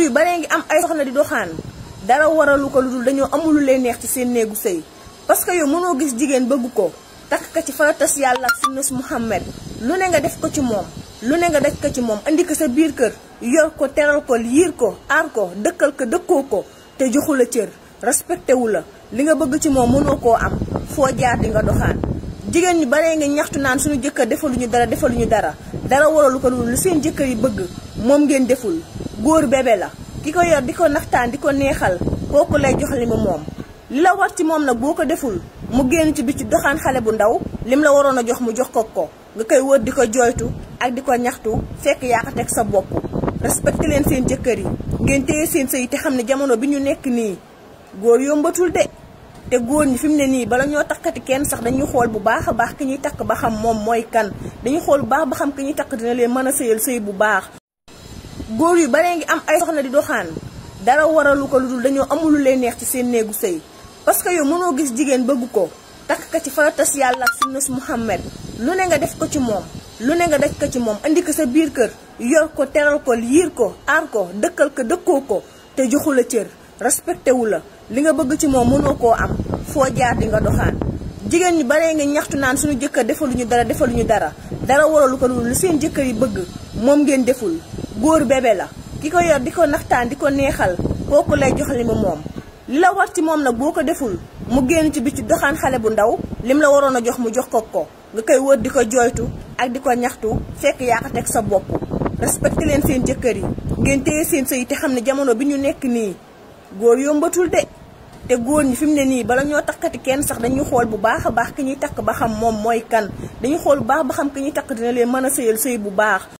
góor baree ngi am ay soxna di doxaan dara waralu ko lu dañoo amul lu neex ci seen néegu sëy parce que yow mënoo gis jigéen bëgg ko takk ko ci faratas yàlla ak sunnas Muhammad lu ne nga def ko ci moom lu ne nga def ko ci moom andi ko sa biir kër yor ko teral ko yiir ko aar ko dëkkal ko dëkkoo ko te joxu la cër respecté wu la li nga bëgg ci moom mënoo koo am foo jaar di nga doxaan jigéen ñi baree nga ñaxtu naan suñu jëkkër defaluñu dara defaluñu dara dara waralu ko lu seen jëkkër yi bëgg moom ngeen deful góor bébé la ki ko yor di ko naxtaan di ko neexal kooku lay jox li mu moom li la war ci moom nag boo ko deful mu génn ci bi ci doxaan xale bu ndaw li mu la waroon a jox mu jox ko ko nga koy wër di ko jooytu ak di ko ñaxtu fekk yaa ko teg sa bopp respecté leen seen jëkkër yi ngeen téye seen sëy te xam ne jamono bi ñu nekk nii góor yombatul de te góor ñi fi mu ne nii bala ñoo takkati kenn sax dañuy xool bu baax a baax ki ñuy takk ba xam moom mooy kan dañuy xool bu baax xam ki ñuy takk dina leen mën a sëyal sëy bu baax góor yu baree ngi am ay soxna di doxaan dara waralu ko lu dul dañoo amulu lu neex ci seen néegu sëy parce que yow mënoo gis jigéen bëgg ko takk ko ci faratas yàlla ak sunnas Muhammad lu ne nga def ko ci moom lu ne nga daj ko ci moom andi ko sa biir kër yor ko teral ko yiir ko aar ko dëkkal ko dëkkoo ko te joxu la cër respecté wu la li nga bëgg ci moom mënoo koo am foo jaar di nga doxaan jigéen ñu baree nga ñaxtu naan suñu jëkkër defaluñu dara defaluñu dara dara waralu ko lu seen jëkkër yi bëgg moom ngeen deful góor bébé la ki ko yor di ko naxtaan di ko neexal kooku lay jox li mu moom li la war ci moom nag boo ko deful mu génn ci bi ci doxaan xale bu ndaw lim la waroon a jox mu jox ko ko nga koy wër di ko jooytu ak di ko ñaxtu fekk yaa ko teg sa bopp respecté leen seen jëkkër yi ngeen téye seen sëy te xam ne jamono bi ñu nekk nii góor yombatul de te góor ñi fi mu ne nii bala ñoo takkati kenn sax dañuy xool bu baax a baax ki ñuy takk ba xam moom mooy kan dañu xool bu baax ba xam ki ñuy takk dina leen mën a sëyal sëy bu baax